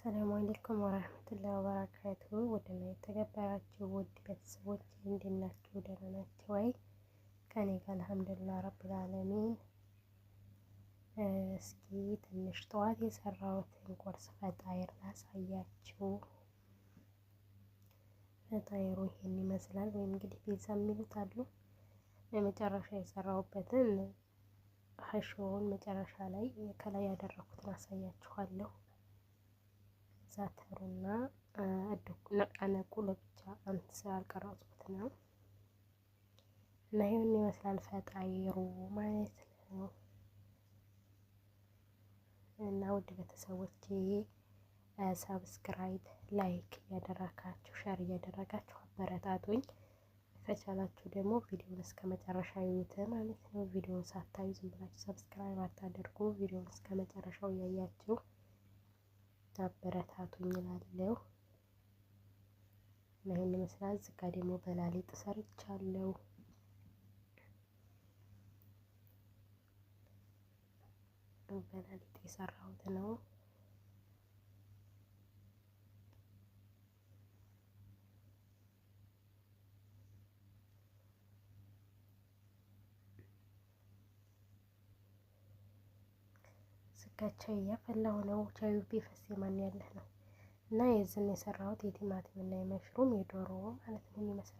አሰላሙ አለይኩም ወራህመቱላሂ ወበረካቱ። ውድና የተከበራችሁ ውድ ቤተሰቦች እንዴት ናችሁ? ደህና ናችሁ ወይ? ከኔ ጋር አልሐምዱሊላህ ረብል ዓለሚን። እስኪ ትንሽ ጠዋት የሰራሁትን ቁርስ ፈጣይር ላሳያችሁ። ፈጣይሩ ይሄን ይመስላል። ወይም እንግዲህ ፒዛ የሚሉት አሉ። ለመጨረሻ የሰራሁበትን ሀሾውን መጨረሻ ላይ ከላይ ያደረኩትን አሳያችኋለሁ። ተሳተሩና ነቃነቁ ለብቻ አምት ስላልቀረጹት ነው። እና ይህን ይመስላል ፈጣይሩ ማለት ነው። እና ውድ ቤተሰቦች ሳብስክራይብ፣ ላይክ እያደረጋችሁ ሸር እያደረጋችሁ አበረታቱኝ። ከቻላችሁ ደግሞ ቪዲዮውን እስከ መጨረሻ ይዩት ማለት ነው። ቪዲዮውን ሳታዩ ዝም ብላችሁ ሰብስክራይብ አታደርጉ። ቪዲዮውን እስከ መጨረሻው እያያችሁ አበረታቱኝ እላለሁ። እና ይሄን ይመስላል። እዚህ ጋ ደግሞ በላሊጥ ሰርቻለሁ። በላሊጥ የሰራሁት ነው። ስጋቻ እያፈላሁ ነው። ቻዩ ቢፈስ የማን ያለህ ነው እና የዝን የሰራሁት የቲማቲም እና የመሽሩም የዶሮ ማለት ነው የሚመስለው